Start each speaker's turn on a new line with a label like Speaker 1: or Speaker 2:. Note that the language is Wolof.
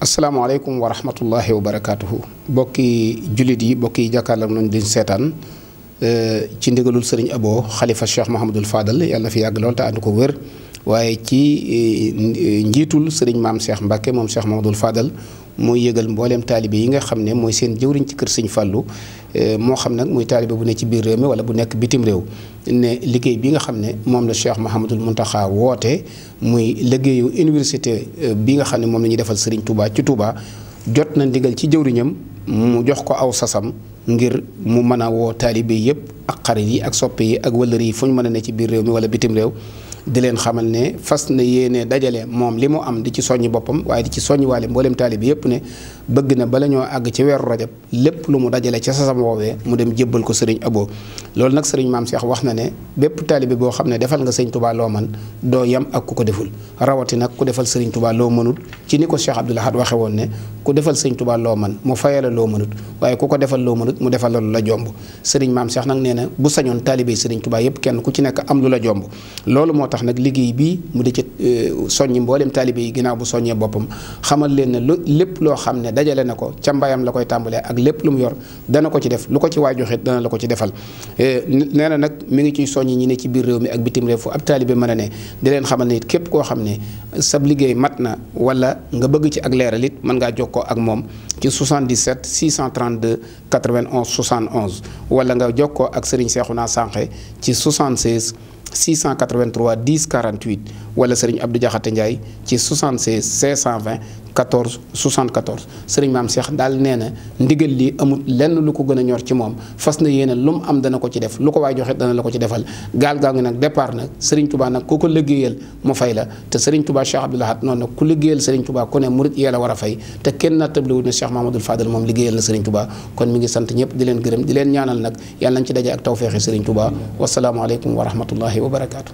Speaker 1: asalaamaaleykum wa rahmatullahi wa barakaatuhu bokki jullit yi bokki jàkkaarloog nañ di seetaan eh, ci ndigalul sëriñ Abo xalifa Cheikh Mouhamadul Fadal yàlla na fi yàgg lool te ànd ko wér. waaye ci eh, njiitul sëriñ maam Cheikh Mbacke moom Cheikh Mamadou Fadal mooy yëgal mbooleem taalibe yi nga xam ne mooy seen jëwriñ ci kër sëñ Fallou eh, moo xam nag muy taalibe bu ne ci biir réew mi wala bu nekk bitim réew ne liggéey bi nga xam ne moom la Cheikh Mouhamadul Mountakha woote muy liggéeyu université eh, bi nga xam ne moom la ñuy defal sëriñ ci Touba jot na ndigal ci jëwriñam mu jox ko aw sasam ngir mu mën a woo taalibe yëpp ak xarit yi ak soppe yi ak wëllër yi fu mën a ne ci biir réew mi wala bitim réew di leen xamal ne fas na yéene dajale moom li mu am di ci soññ boppam waaye di ci soññ waale mboolem taalibe yépp ne bëgg na bala ñoo àgg ci weeru rajab lépp lu mu dajale ca sasam woowee mu dem jébbal ko sëriñ Abo loolu nag sëriñ maam seex wax na ne bépp taalibe boo xam ne defal nga sëriñ loo man doo yem ak ku ko deful rawati nag ku defal sëriñ Touba loo ci ni ko Cheikh Abdoul Ahad waxe woon ne ku defal loo man mu fayal la loo mënut waaye ku ko defal loo mënut mu defal la la jomb sëriñ maam Cheikh nag nee na bu sañoon taalibe sëriñ Touba yépp kenn ku ci nekk am lu la jomb loolu moo tax nag liggéey bii mu di ci euh, soññi mboolem taalibe yi ginnaaw bu soññee boppam xamal leen ne lu lépp loo xam ne dajale na ko ca mbayam la koy tàmbalee ak lépp lu mu yor dana ko ci def lu ko ci waay joxe dana la ko ci defal euh, nee na nag mu ngi ciy soññi ñi ne ci biir réew mi ak bitim réew fu ab taalibe mën a ne di leen xamal ne it képp koo xam ne sab liggéey mat na wala nga bëgg ci ak leeral it mën ngaa jog jokkoo ak moom ci 77 632 91 71 wala nga jokkoo ak Serigne Cheikhouna Sankhé ci 76 683 10 48 wala sëriñ Abdou Diakhaté Ndiaye ci 76 520 14 74 sëriñ maam Cheikh daal nee na ndigal lii amul lenn lu ko gën a ñor ci moom fas na yéene lu mu am dana ko ci def lu ko waay joxe dana la ko ci defal gaal gaa ngi nag départ nag sëriñ Touba nag ku ko liggéeyal mu fay la te sëriñ Touba Cheikh Abdou Lahad noonu nag ku liggéeyal sëriñ Touba a fay te kenn na tabliwul ne Cheikh Mamadou Fadal moom kon mi ngi sant ñëpp di leen gërëm di leen ñaanal nag yàlla nañ ci daje ak tawféexi sëriñ Touba wasalaamualeykum wa rahmatullahi rahmatullahi wa barakaatu.